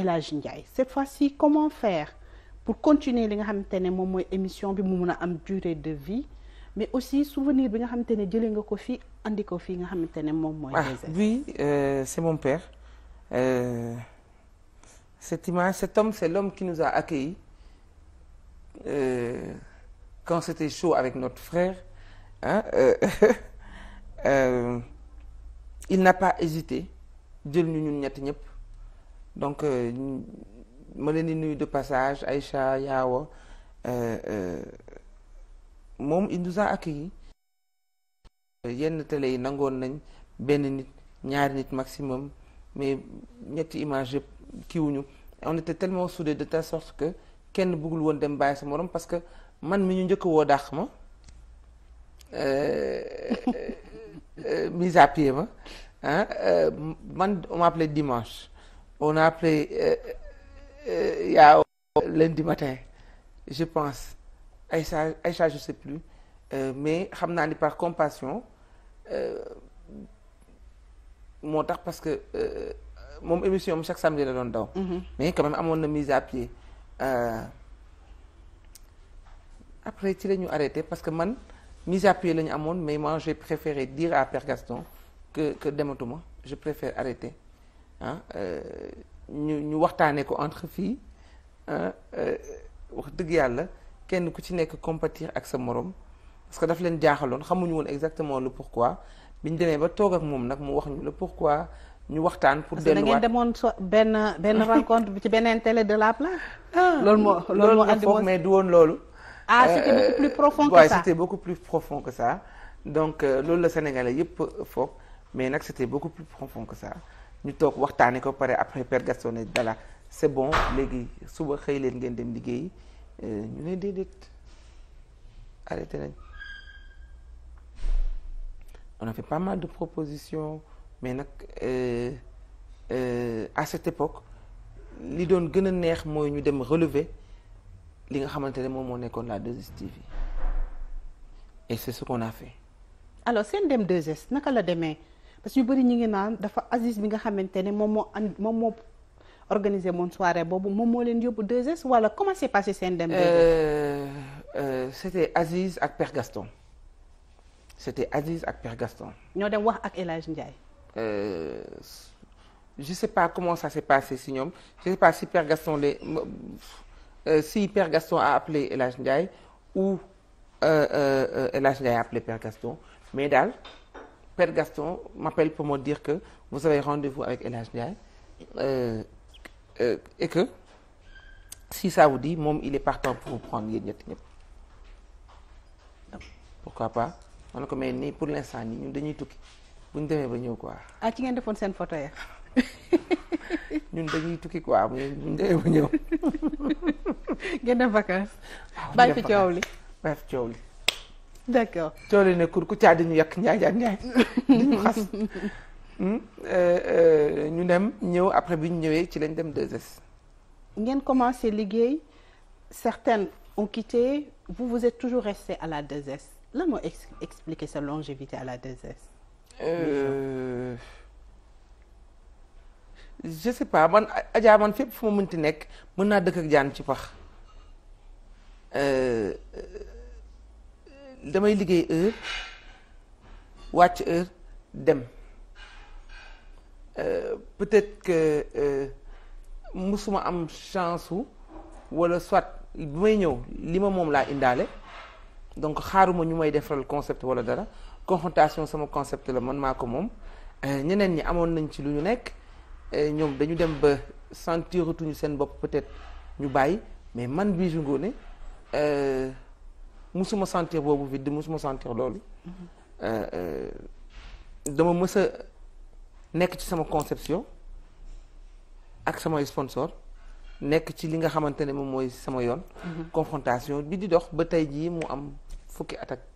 El Hadj Ndiaye cette fois comment faire pour continuer li nga xamante ne moom mooy émission bi mu mun a am durée de vie mais aussi souvenir bi nga xamante ne jëlee nga ko fii andi ko fii nga xamante ne moom mooy. désert ah, oui euh, c'est mon père euh, cette image cet homme c'est l'homme qui nous a accueillis euh, quand c'était chaud avec notre frère euh, euh, il n'a pas hésité jël ñu ñun ñett ñëpp. donc euh, ma leen di nuyu de passage Aïcha Yaawa euh, euh, moom il nous a accueillis yenn télé yi nangoon nañ benn nit ñaari nit maximum mais ñetti image yëpp kiwuñu on était tellement soudés de telle sorte que kenn bëggul woon dem bàyyi sa morom parce que man mi ñu njëkk woo daax ma mise à pied ma ah man on m'appelait dimanche on a appelé euh, euh, il y a lundi matin je pense Aïcha Aïcha je sais plus euh, mais xam naa ni par compassion euh, moo tax parce que euh, moom émission am chaque samedi la doon daw. Mm-hmm. mais quand même amoon na mise à pied. Euh, après ci la ñu arrêté parce que man mise à pied la ñu amoon mais moi j'ai préféré dire à Père Gaston que que dematuma je préfère arrêter. ah ñu ñu waxtaanee ko entre filles euh, wax dëgg yàlla kenn ku ci nekk compatir ak sa morom parce que daf leen jaaxaloon xamuñu woon exactement le pourquoi ñu demee ba toog ak moom nag mu wax ñu le pourquoi ñu waxtaan pour. delluwaat parce que da ngeen demoon so benn benn rencontre bi ci beneen télé de la place. Ah, loolu moo loolu moo andi mais du woon loolu. ah euh, c'était beaucoup plus profond que ça waaw c'était beaucoup plus profond que ça loolu la Sénégalais yëpp foog mais nag c'était beaucoup plus profond que ñu toog waxtaanee ko pare après per Gaston ne dala c'est bon léegi suba xëy leen ngeen dem liggéeyi euh, ñu ne déedéet arrêté nañ on a fait pas mal de propositions mais nag euh, euh, à cette époque li doon gën a neex mooy ñu dem relever li nga xamante ne moom moo nekkoon la 2STV et c'est ce qu'on a fait. alors seen dem 2S naka la demee. parce que yu bëri ñu ngi naan dafa Aziz bi nga xamante ne moom moo and moom moo organisé moom soirée boobu moom moo leen yóbbu 2S wala comment s'est passé seen dem. Euh, euh, c'était Aziz ak Père Gaston c'était Aziz ak Père Gaston. ñoo dem wax ak El Hadj Ndiaye. Euh, je sais pas comment ça s'est passé si ñoom je sais pas si Père Gaston les euh, si Père Gaston a appelé El Hadj Ndiaye ou euh, euh, El Hadj Ndiaye a appelé Père Gaston mais daal. Père Gaston m'appelle pour me dire que vous avez rendez-vous avec El Hadj Ndiaye euh, euh si ça vous dit moom il est partant pour vous prendre yéen ñett ñëpp pourquoi pas ma ne ko mais nii pour l'instant nii ñun dañuy tukki bu ñu demee ba ñëw quoi. ah ci ngeen defoon seen photo ya ñun dañuy tukki quoi bu ñu demee ba ñëw. ngeen def ah, vacances. bàyyi fi coow li bàyyi fi coow li. d'accord coole ne kur ku caa ñu yàq njaay njaay njaay ñu dem ñëw après bi ñu ñëwee ci lañ dem 2 ngeen commencé liggéey certaines ont quitté vous vous êtes toujours resté à la 2S lan moo expliquer sa longévité à la 2S. Euh... je sais pas man Adja man fépp fu ma nekk mën naa dëkk ak jaan ci pax. Euh, damay liggéey heure wàcc heure dem euh, peut-être que euh, musuma am chance su wala soit bi may ñëw li ma moom laa indaale donc xaaruma ñu may defaral concept wala dara confrontation sama concept la man maa ko moom euh, ñeneen ñi amoon nañ ci lu ñu nekk ñoom dañu dem ba sentiratuñu seen bopp peut-être ñu bàyyi mais man Bijou Ngoné musuma sentir boobu vide musuma sentir loolu euh, euh, dama mës a nekk ci sama conception ak samay sponsor nekk ci li nga xamante ne moom mooy sama yoon mhm. confrontation bi di dox ba tey jii mu am fukki at ak